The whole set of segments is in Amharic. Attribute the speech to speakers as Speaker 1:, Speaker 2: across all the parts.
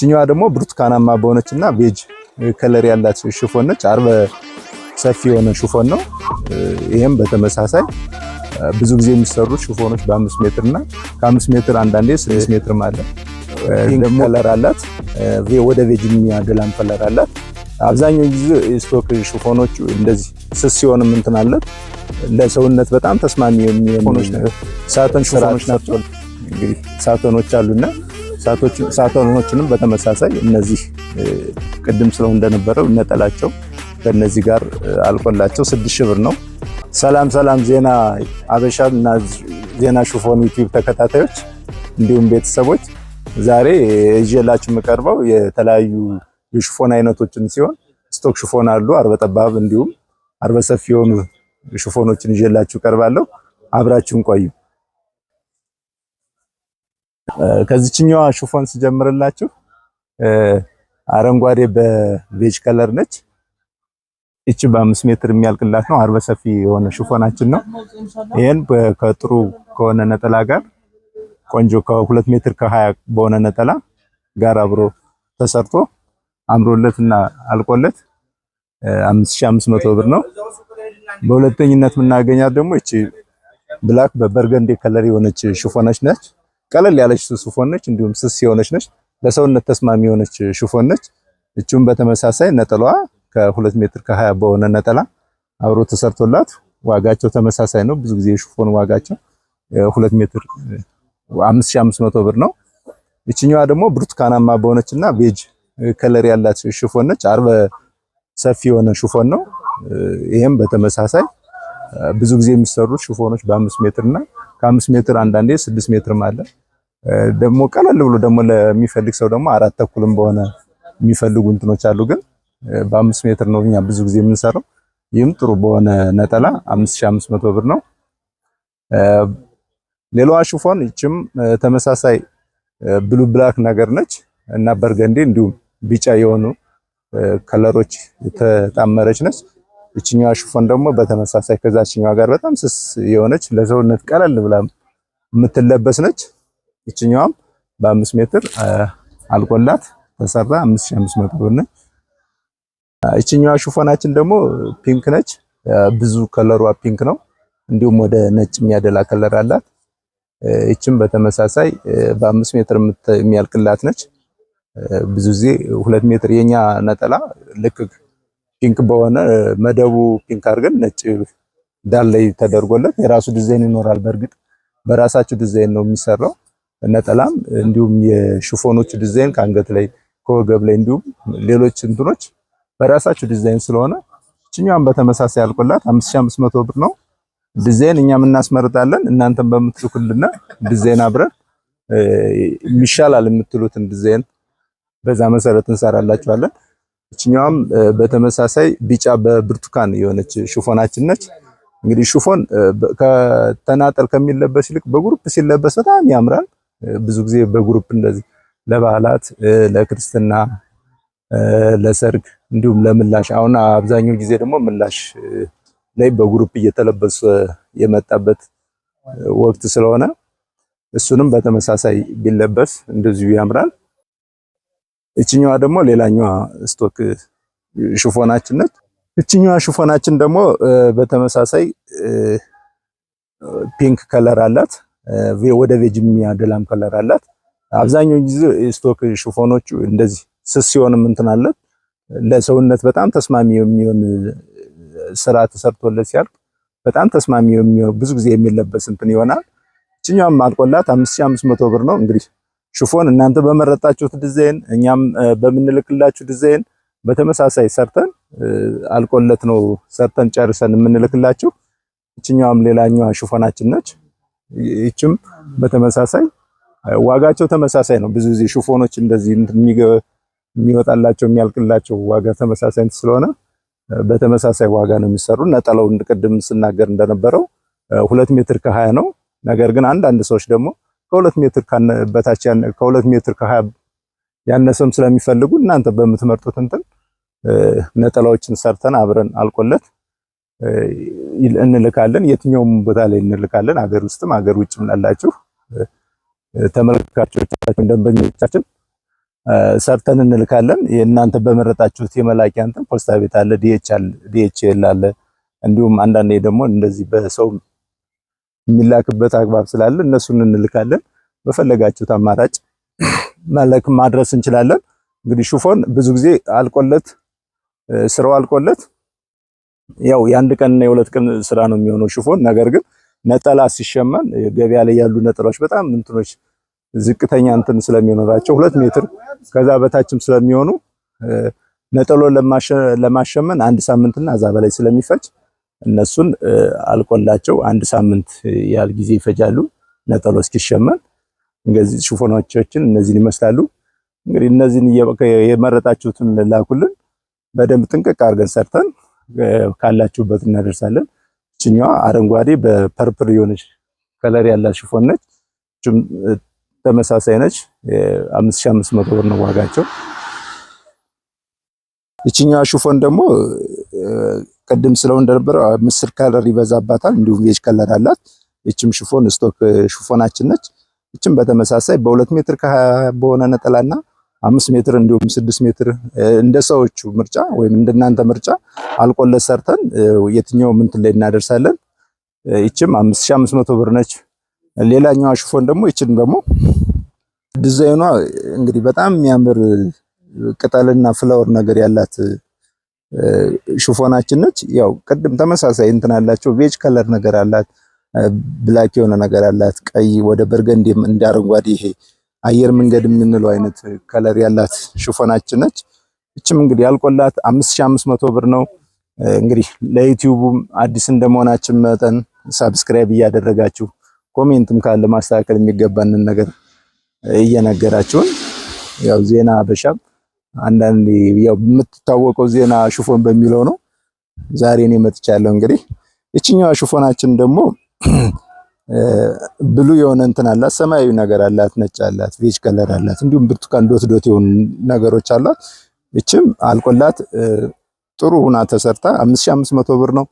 Speaker 1: እችኛዋ ደግሞ ብርቱካናማ በሆነች እና ቤጅ ከለር ያላት ሽፎን ነች። አርበ ሰፊ የሆነ ሽፎን ነው። ይሄም በተመሳሳይ ብዙ ጊዜ የሚሰሩት ሽፎኖች በአምስት ሜትር እና ከአምስት ሜትር አንዳንዴ ስድስት ሜትር ማለት ከለር አላት። ወደ ቤጅ የሚያደላም ከለር አላት። አብዛኛው ጊዜ ስቶክ ሽፎኖች እንደዚህ ስስ ሲሆን እንትን አለት ለሰውነት በጣም ተስማሚ የሚሆኑ ሳተን ሽፎኖች ናቸው። እንግዲህ ሳተኖች አሉና ሳተርኖችንም በተመሳሳይ እነዚህ ቅድም ስለው እንደነበረው ነጠላቸው ከነዚህ ጋር አልቆላቸው ስድስት ሺህ ብር ነው። ሰላም ሰላም፣ ዜና አበሻ እና ዜና ሽፎን ዩቲዩብ ተከታታዮች እንዲሁም ቤተሰቦች ዛሬ ይዤላችሁ የምቀርበው የተለያዩ የሽፎን አይነቶችን ሲሆን ስቶክ ሽፎን አሉ፣ አርበ ጠባብ እንዲሁም አርበ ሰፊ የሆኑ ሽፎኖችን ይዤላችሁ ቀርባለሁ። አብራችሁን ቆዩ። ከዚችኛዋ ሽፎን ስጀምርላችሁ አረንጓዴ በቤጅ ከለር ነች። ይቺ በአምስት ሜትር የሚያልቅላት ነው። አርበ ሰፊ የሆነ ሽፎናችን ነው። ይሄን ከጥሩ ከሆነ ነጠላ ጋር ቆንጆ ከሁለት ሜትር ከሀያ በሆነ ነጠላ ጋር አብሮ ተሰርቶ አምሮለትና አልቆለት 5500 ብር ነው። በሁለተኝነት የምናገኛት ደግሞ እቺ ብላክ በበርገንዴ ከለር የሆነች ሽፎነች ነች። ቀለል ያለች ሹፎን ነች። እንዲሁም ስስ የሆነች ነች። ለሰውነት ተስማሚ የሆነች ሹፎን ነች። እቺም በተመሳሳይ ነጠላዋ ከሁለት ሜትር ከሀያ በሆነ ነጠላ አብሮ ተሰርቶላት ዋጋቸው ተመሳሳይ ነው። ብዙ ጊዜ የሹፎን ዋጋቸው ሁለት ሜትር አምስት ሺህ አምስት መቶ ብር ነው። ይችኛዋ ደግሞ ብርቱካናማ በሆነችና ቤጅ ከለር ያላት ሹፎን ነች። አርበ ሰፊ የሆነ ሹፎን ነው። ይሄም በተመሳሳይ ብዙ ጊዜ የሚሰሩት ሽፎኖች በአምስት ሜትር እና ከአምስት ሜትር አንዳንዴ ስድስት ሜትርም አለ። ደግሞ ቀለል ብሎ ደግሞ ለሚፈልግ ሰው ደግሞ አራት ተኩልም በሆነ የሚፈልጉ እንትኖች አሉ። ግን በአምስት ሜትር ነው እኛ ብዙ ጊዜ የምንሰራው። ይህም ጥሩ በሆነ ነጠላ 5500 ብር ነው። ሌላዋ ሽፎን ይችም ተመሳሳይ ብሉ ብላክ ነገር ነች እና በርገንዴ እንዲሁም ቢጫ የሆኑ ከለሮች የተጣመረች ነች። እችኛዋ ሽፎን ደግሞ በተመሳሳይ ከዛችኛዋ ጋር በጣም ስስ የሆነች ለሰውነት ቀለል ብላ የምትለበስ ነች። በ በአምስት ሜትር አልቆላት ተሰራ 5500 ብር ነች። እችኛዋ ሽፎናችን ደግሞ ፒንክ ነች። ብዙ ከለሯ ፒንክ ነው። እንዲሁም ወደ ነጭ የሚያደላ ከለር አላት። ይችም በተመሳሳይ በአምስት ሜትር የሚያልቅላት ነች። ብዙ ጊዜ ሁለት ሜትር የኛ ነጠላ ልክ ፒንክ በሆነ መደቡ ፒንክ አድርገን ነጭ ዳል ላይ ተደርጎለት የራሱ ዲዛይን ይኖራል። በእርግጥ በራሳችሁ ዲዛይን ነው የሚሰራው። ነጠላም እንዲሁም የሽፎኖቹ ዲዛይን ከአንገት ላይ ከወገብ ላይ እንዲሁም ሌሎች እንትኖች በራሳቸው ዲዛይን ስለሆነ እችኛዋን በተመሳሳይ አልቆላት 5500 ብር ነው። ዲዛይን እኛም እናስመርጣለን። እናንተም በምትልኩልና ዲዛይን አብረን ይሻላል የምትሉትን ዲዛይን በዛ መሰረት እንሰራላችኋለን። እችኛዋም በተመሳሳይ ቢጫ በብርቱካን የሆነች ሽፎናችን ነች። እንግዲህ ሽፎን ከተናጠል ከሚለበስ ይልቅ በግሩፕ ሲለበስ በጣም ያምራል። ብዙ ጊዜ በግሩፕ እንደዚህ ለበዓላት፣ ለክርስትና፣ ለሰርግ እንዲሁም ለምላሽ አሁን አብዛኛው ጊዜ ደግሞ ምላሽ ላይ በግሩፕ እየተለበሰ የመጣበት ወቅት ስለሆነ እሱንም በተመሳሳይ ቢለበስ እንደዚሁ ያምራል። እችኛዋ ደግሞ ሌላኛዋ ስቶክ ሽፎናችን ነች። እችኛዋ ሽፎናችን ደግሞ በተመሳሳይ ፒንክ ከለር አላት። ወደ ቬጅ የሚያደላም ከለር አላት። አብዛኛው ጊዜ ስቶክ ሽፎኖቹ እንደዚህ ስስ ሲሆንም እንትን አለት ለሰውነት በጣም ተስማሚ የሚሆን ስራ ተሰርቶለት ሲያልቅ በጣም ተስማሚ የሚሆን ብዙ ጊዜ የሚለበስ እንትን ይሆናል። እችኛም ማልቆላት 5500 ብር ነው። እንግዲህ ሽፎን እናንተ በመረጣችሁት ዲዛይን እኛም በምንልክላችሁ ዲዛይን በተመሳሳይ ሰርተን አልቆለት ነው ሰርተን ጨርሰን የምንልክላችሁ። እችኛም ሌላኛዋ ሽፎናችን ነች። ይችም በተመሳሳይ ዋጋቸው ተመሳሳይ ነው። ብዙ ጊዜ ሽፎኖች እንደዚህ የሚወጣላቸው የሚያልቅላቸው ዋጋ ተመሳሳይ ስለሆነ በተመሳሳይ ዋጋ ነው የሚሰሩ። ነጠላው ቅድም ስናገር እንደነበረው ሁለት ሜትር ከሀያ ነው። ነገር ግን አንዳንድ ሰዎች ደግሞ ከሁለት ሜትር በታች ከሁለት ሜትር ከሀያ ያነሰም ስለሚፈልጉ እናንተ በምትመርጡት እንትን ነጠላዎችን ሰርተን አብረን አልቆለት እንልካለን። የትኛውም ቦታ ላይ እንልካለን። አገር ውስጥም አገር ውጭም ላላችሁ ተመልካቾቻችን፣ ደንበኞቻችን ሰርተን እንልካለን። የእናንተ በመረጣችሁት የመላኪያ እንትን ፖስታ ቤት አለ፣ ዲኤችኤል አለ። እንዲሁም አንዳንዴ ደግሞ እንደዚህ በሰው የሚላክበት አግባብ ስላለ እነሱን እንልካለን። በፈለጋችሁት አማራጭ መለክ ማድረስ እንችላለን። እንግዲህ ሹፎን ብዙ ጊዜ አልቆለት ስራው አልቆለት ያው የአንድ ቀንና የሁለት ቀን ስራ ነው የሚሆነው ሽፎን። ነገር ግን ነጠላ ሲሸመን ገበያ ላይ ያሉ ነጠላዎች በጣም እንትኖች ዝቅተኛ እንትን ስለሚሆናቸው ሁለት ሜትር ከዛ በታችም ስለሚሆኑ ነጠሎ ለማሸመን አንድ ሳምንትና እዛ በላይ ስለሚፈጅ እነሱን አልቆላቸው አንድ ሳምንት ያህል ጊዜ ይፈጃሉ ነጠሎ እስኪሸመን። እንግዲህ ሽፎኖቻችን እነዚህን ይመስላሉ። እንግዲህ እነዚህን የመረጣችሁትን ላኩልን። በደንብ ጥንቅቅ አድርገን ሰርተን ካላችሁበት እናደርሳለን። እችኛዋ አረንጓዴ በፐርፕል የሆነች ከለር ያላት ሽፎን ነች። እችም ተመሳሳይ ነች። 5500 ብር ነው ዋጋቸው። እችኛዋ ሽፎን ደግሞ ቅድም ስለው እንደነበረ ምስር ከለር ይበዛባታል፣ እንዲሁም ቤጅ ከለር አላት። እችም ሽፎን ስቶክ ሽፎናችን ነች። እችም በተመሳሳይ በሁለት ሜትር በሆነ ነጠላና አምስት ሜትር እንዲሁም ስድስት ሜትር እንደ ሰዎቹ ምርጫ ወይም እንደናንተ ምርጫ አልቆለት ሰርተን የትኛው ምንትን ላይ እናደርሳለን። ይችም አምስት ሺህ አምስት መቶ ብር ነች። ሌላኛዋ ሽፎን ደግሞ ይችን ደግሞ ዲዛይኗ እንግዲህ በጣም የሚያምር ቅጠልና ፍላወር ነገር ያላት ሽፎናችን ነች። ያው ቅድም ተመሳሳይ እንትን አላቸው። ቤጅ ከለር ነገር አላት፣ ብላክ የሆነ ነገር አላት፣ ቀይ ወደ በርገንዲ እንደ አረንጓዴ ይሄ አየር መንገድ የምንለው አይነት ከለር ያላት ሽፎናችን ነች። እችም እንግዲህ ያልቆላት 5500 ብር ነው። እንግዲህ ለዩቲዩቡም አዲስ እንደመሆናችን መጠን ሳብስክራይብ እያደረጋችሁ ኮሜንትም ካለ ማስተካከል የሚገባንን ነገር እየነገራችሁን ያው ዜና በሻ አንዳንዴ ያው የምትታወቀው ዜና ሽፎን በሚለው ነው። ዛሬ እኔ መጥቻለሁ። እንግዲህ እችኛዋ ሽፎናችን ደግሞ ብሉ የሆነ እንትን አላት፣ ሰማያዊ ነገር አላት፣ ነጭ አላት፣ ቤጅ ከለር አላት፣ እንዲሁም ብርቱካን ዶት ዶት የሆኑ ነገሮች አሏት። እችም አልቆላት ጥሩ ሁና ተሰርታ 5500 ብር ነው።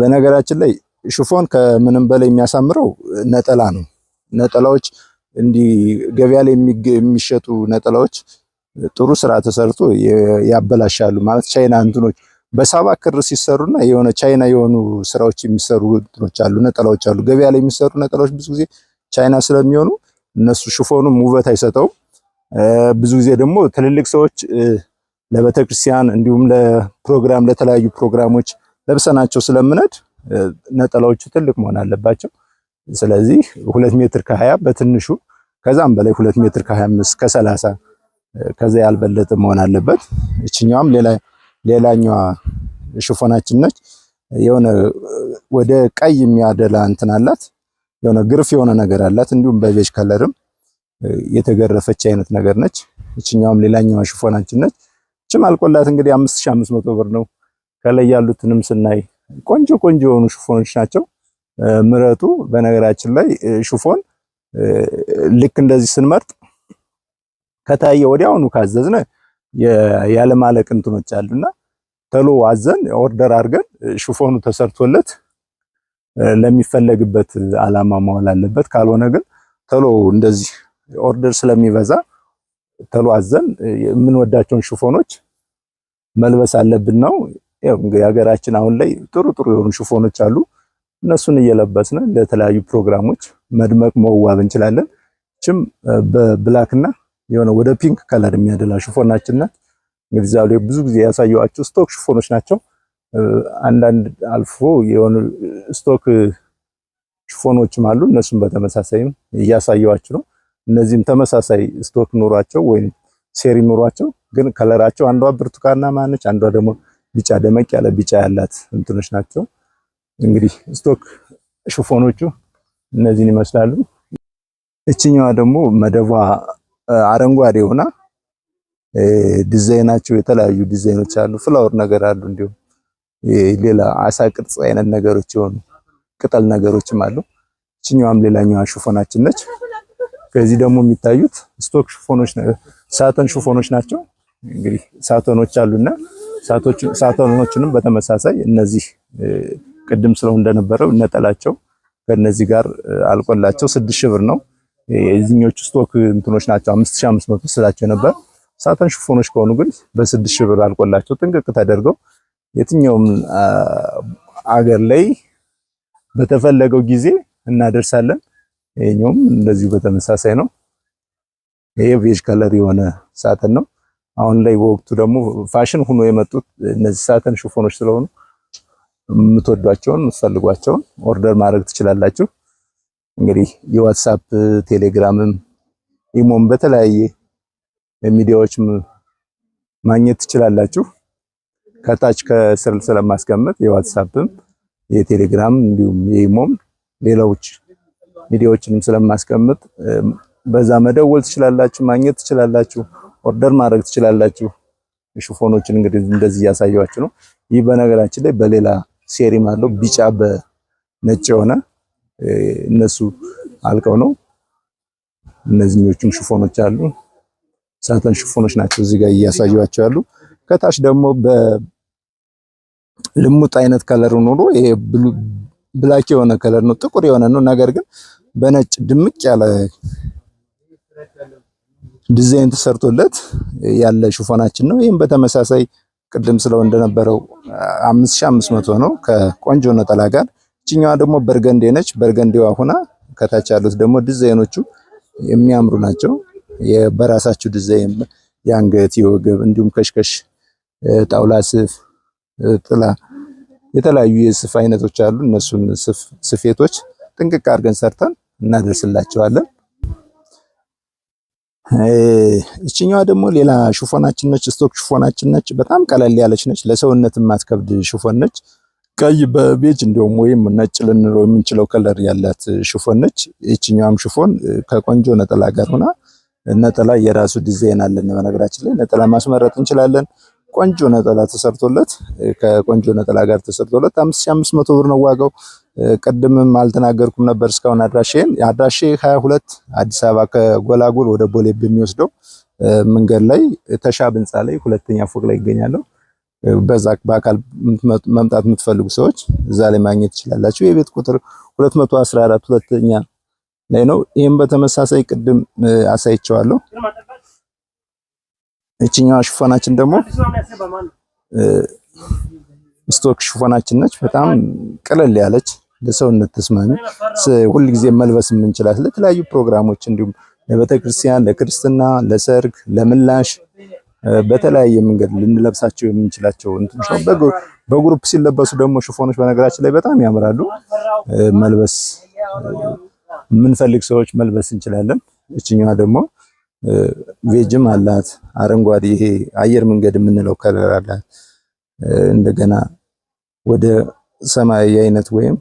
Speaker 1: በነገራችን ላይ ሽፎን ከምንም በላይ የሚያሳምረው ነጠላ ነው። ነጠላዎች እንዲህ ገበያ ላይ የሚሸጡ ነጠላዎች ጥሩ ስራ ተሰርቶ ያበላሻሉ ማለት ቻይና እንትኖች በሳባ ክር ሲሰሩና የሆነ ቻይና የሆኑ ስራዎች የሚሰሩ እንትኖች አሉ፣ ነጠላዎች አሉ። ገበያ ላይ የሚሰሩ ነጠላዎች ብዙ ጊዜ ቻይና ስለሚሆኑ እነሱ ሽፎኑም ውበት አይሰጠውም። ብዙ ጊዜ ደግሞ ትልልቅ ሰዎች ለቤተክርስቲያን እንዲሁም ለፕሮግራም ለተለያዩ ፕሮግራሞች ለብሰናቸው ስለምነድ ነጠላዎቹ ትልቅ መሆን አለባቸው። ስለዚህ ሁለት ሜትር ከሀያ በትንሹ ከዛም በላይ ሁለት ሜትር ከሀያ አምስት ከሰላሳ ከዛ ያልበለጠ መሆን አለበት። እችኛዋም ሌላ ሌላኛዋ ሽፎናችን ነች። የሆነ ወደ ቀይ የሚያደላ እንትን አላት። የሆነ ግርፍ የሆነ ነገር አላት። እንዲሁም በቤጅ ከለርም የተገረፈች አይነት ነገር ነች። እችኛውም ሌላኛዋ ሽፎናችን ነች። እችም አልቆላት እንግዲህ መቶ ብር ነው። ከላይ ያሉትንም ስናይ ቆንጆ ቆንጆ የሆኑ ሽፎኖች ናቸው። ምረቱ። በነገራችን ላይ ሽፎን ልክ እንደዚህ ስንመርጥ ከታየ ወዲያውኑ ካዘዝነ ያለማለቅ እንትኖች አሉና ተሎ አዘን ኦርደር አድርገን ሽፎኑ ተሰርቶለት ለሚፈለግበት አላማ መዋል አለበት። ካልሆነ ግን ተሎ እንደዚህ ኦርደር ስለሚበዛ ተሎ አዘን የምንወዳቸውን ሽፎኖች መልበስ አለብን ነው። ያው የሀገራችን አሁን ላይ ጥሩ ጥሩ የሆኑ ሽፎኖች አሉ። እነሱን እየለበስን ለተለያዩ ፕሮግራሞች መድመቅ መዋብ እንችላለን። ችም በብላክና የሆነ ወደ ፒንክ ከለር የሚያደላ ሽፎናችን ናት። እንግዲህ ዛሬ ብዙ ጊዜ ያሳየዋችሁ ስቶክ ሽፎኖች ናቸው። አንዳንድ አልፎ የሆኑ ስቶክ ሽፎኖችም አሉ። እነሱም በተመሳሳይም እያሳየዋችሁ ነው። እነዚህም ተመሳሳይ ስቶክ ኑሯቸው ወይም ሴሪ ኑሯቸው ግን ከለራቸው አንዷ ብርቱካናማ ነች፣ አንዷ ደግሞ ቢጫ ደመቅ ያለ ቢጫ ያላት እንትኖች ናቸው። እንግዲህ ስቶክ ሽፎኖቹ እነዚህን ይመስላሉ። እችኛዋ ደግሞ መደቧ አረንጓዴ ሆና ዲዛይናቸው የተለያዩ ዲዛይኖች አሉ። ፍላወር ነገር አሉ። እንዲሁም ሌላ አሳ ቅርጽ አይነት ነገሮች የሆኑ ቅጠል ነገሮችም አሉ። እችኛዋም ሌላኛዋ ሽፎናችን ነች። ከዚህ ደግሞ የሚታዩት ስቶክ ሽፎኖች ሳተን ሽፎኖች ናቸው። እንግዲህ ሳተኖች አሉና ሳተኖችንም በተመሳሳይ እነዚህ ቅድም ስለው እንደነበረው ነጠላቸው ከነዚህ ጋር አልቆላቸው ስድስት ሺህ ብር ነው። የዚህኞቹ ስቶክ እንትኖች ናቸው 5500 ስላቸው ነበር። ሳተን ሽፎኖች ከሆኑ ግን በ6000 ብር አልቆላቸው ጥንቅቅ ተደርገው የትኛውም አገር ላይ በተፈለገው ጊዜ እናደርሳለን። ይሄኛውም እንደዚሁ በተመሳሳይ ነው። ይሄ ቬጅ ከለር የሆነ ሳተን ነው። አሁን ላይ በወቅቱ ደግሞ ፋሽን ሆኖ የመጡት እነዚህ ሳተን ሽፎኖች ስለሆኑ የምትወዷቸውን የምትፈልጓቸውን ኦርደር ማድረግ ትችላላችሁ። እንግዲህ የዋትሳፕ ቴሌግራምም ኢሞም በተለያየ ሚዲያዎች ማግኘት ትችላላችሁ። ከታች ከስር ስለማስቀመጥ የዋትሳፕም የቴሌግራም እንዲሁም የኢሞም ሌሎች ሚዲያዎችንም ስለማስቀምጥ በዛ መደወል ትችላላችሁ፣ ማግኘት ትችላላችሁ፣ ኦርደር ማድረግ ትችላላችሁ። ሽፎኖችን እንግዲህ እንደዚህ እያሳየዋችሁ ነው። ይህ በነገራችን ላይ በሌላ ሴሪም አለው ቢጫ በነጭ የሆነ እነሱ አልቀው ነው። እነዚህኞቹም ሽፎኖች አሉ። ሳተን ሽፎኖች ናቸው እዚህ ጋር እያሳዩዋቸው ያሉ። ከታች ደግሞ በልሙጥ አይነት ከለር ኑሮ ይሄ ብላክ የሆነ ከለር ነው፣ ጥቁር የሆነ ነው። ነገር ግን በነጭ ድምቅ ያለ ዲዛይን ተሰርቶለት ያለ ሽፎናችን ነው። ይህም በተመሳሳይ ቅድም ስለው እንደነበረው 5500 ነው ከቆንጆ ነጠላ ጋር እችኛዋ ደግሞ በርገንዴ ነች። በርገንዴዋ ሁና ከታች ያሉት ደግሞ ዲዛይኖቹ የሚያምሩ ናቸው። በራሳችሁ ዲዛይን የአንገት የወገብ እንዲሁም ከሽከሽ፣ ጣውላ ስፍ፣ ጥላ የተለያዩ የስፍ አይነቶች አሉ። እነሱን ስፌቶች ጥንቅቅ አድርገን ሰርተን እናደርስላቸዋለን። እችኛዋ ደግሞ ሌላ ሽፎናችን ነች። ስቶክ ሽፎናችን ነች። በጣም ቀለል ያለች ነች። ለሰውነት የማትከብድ ሽፎን ነች። ቀይ በቤጅ እንዲሁም ወይም ነጭ ልንለው የምንችለው ከለር ያላት ሽፎን ነች። ይችኛዋም ሽፎን ከቆንጆ ነጠላ ጋር ሆና ነጠላ የራሱ ዲዛይን አለን። በነገራችን ላይ ነጠላ ማስመረጥ እንችላለን። ቆንጆ ነጠላ ተሰርቶለት ከቆንጆ ነጠላ ጋር ተሰርቶለት አምስት ሺህ አምስት መቶ ብር ነው ዋጋው። ቅድምም አልተናገርኩም ነበር እስካሁን አድራሼን አድራሼ ሀያ ሁለት አዲስ አበባ ከጎላጎል ወደ ቦሌ በሚወስደው መንገድ ላይ ተሻብ ህንፃ ላይ ሁለተኛ ፎቅ ላይ ይገኛለሁ። በዛ በአካል መምጣት የምትፈልጉ ሰዎች እዛ ላይ ማግኘት ትችላላችሁ። የቤት ቁጥር 214 ሁለተኛ ላይ ነው። ይህም በተመሳሳይ ቅድም አሳይቸዋለሁ። እችኛዋ ሽፎናችን ደግሞ ስቶክ ሽፎናችን ነች። በጣም ቀለል ያለች ለሰውነት ተስማሚ፣ ሁልጊዜ መልበስ የምንችላት ለተለያዩ ፕሮግራሞች እንዲሁም ለቤተክርስቲያን፣ ለክርስትና፣ ለሰርግ፣ ለምላሽ በተለያየ መንገድ ልንለብሳቸው የምንችላቸው እንትኖች ነው። በግሩፕ ሲለበሱ ደግሞ ሽፎኖች በነገራችን ላይ በጣም ያምራሉ። መልበስ የምንፈልግ ሰዎች መልበስ እንችላለን። እችኛዋ ደግሞ ቬጅም አላት፣ አረንጓዴ ይሄ አየር መንገድ የምንለው ከለር አላት። እንደገና ወደ ሰማያዊ አይነት ወይም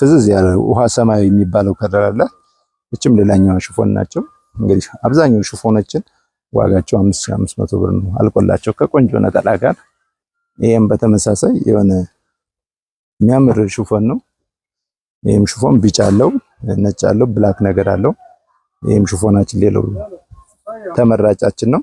Speaker 1: ፍዝዝ ያለ ውሃ ሰማያዊ የሚባለው ከለር አላት። እችም ሌላኛዋ ሽፎን ናቸው። እንግዲህ አብዛኛው ሽፎኖችን ዋጋቸው አምስት ሺህ አምስት መቶ ብር ነው። አልቆላቸው ከቆንጆ ነጠላ ጋር ይሄም በተመሳሳይ የሆነ የሚያምር ሽፎን ነው። ይሄም ሽፎን ቢጫ አለው፣ ነጭ አለው፣ ብላክ ነገር አለው። ይሄም ሽፎናችን ሌላው ተመራጫችን ነው።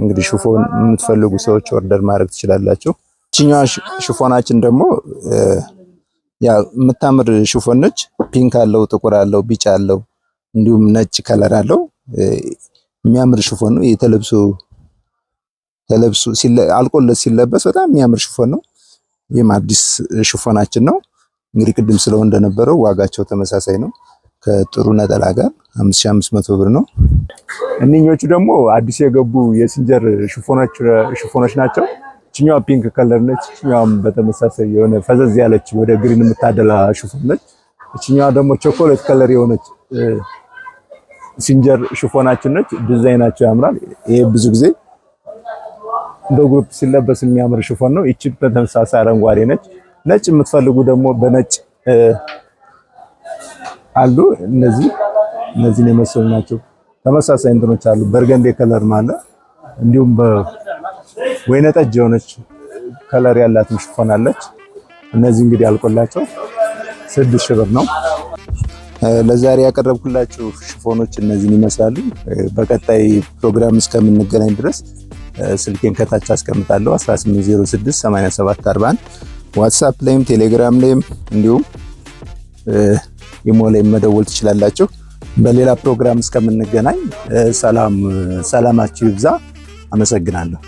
Speaker 1: እንግዲህ ሽፎን የምትፈልጉ ሰዎች ኦርደር ማድረግ ትችላላችሁ። ይችኛዋ ሽፎናችን ደግሞ ያ የምታምር ሽፎን ነች። ፒንክ አለው፣ ጥቁር አለው፣ ቢጫ አለው፣ እንዲሁም ነጭ ከለር አለው። የሚያምር ሽፎን ነው። ይሄ ተለብሶ አልቆለት ሲለበስ በጣም የሚያምር ሽፎን ነው። ይህም አዲስ ሽፎናችን ነው። እንግዲህ ቅድም ስለው እንደነበረው ዋጋቸው ተመሳሳይ ነው። ከጥሩ ነጠላ ጋር 5500 ብር ነው። እንኞቹ ደግሞ አዲስ የገቡ የስንጀር ሽፎኖች ናቸው። ችኛዋ ፒንክ ከለር ነች። ችኛዋም በተመሳሳይ የሆነ ፈዘዝ ያለች ወደ ግሪን የምታደላ ሽፎን ነች። ችኛዋ ደግሞ ቾኮሌት ከለር የሆነች ሲንጀር ሽፎናችን ነች። ዲዛይናቸው ያምራል። ይሄ ብዙ ጊዜ በግሩፕ ሲለበስ የሚያምር ሽፎን ነው። ይቺ በተመሳሳይ አረንጓዴ ነች። ነጭ የምትፈልጉ ደግሞ በነጭ አሉ። እነዚህ እነዚህን የመሰሉ ናቸው። ተመሳሳይ እንትኖች አሉ። በርገንዴ ከለር አለ። እንዲሁም ወይነ ጠጅ የሆነች ከለር ያላትም ሽፎን አለች። እነዚህ እንግዲህ አልቆላቸው ስድስት ሺህ ብር ነው። ለዛሬ ያቀረብኩላችሁ ሽፎኖች እነዚህን ይመስላሉ። በቀጣይ ፕሮግራም እስከምንገናኝ ድረስ ስልኬን ከታች አስቀምጣለሁ 18068741 ዋትሳፕ ላይም ቴሌግራም ላይም እንዲሁም ኢሞ ላይም መደወል ትችላላችሁ። በሌላ ፕሮግራም እስከምንገናኝ ሰላም ሰላማችሁ ይብዛ። አመሰግናለሁ።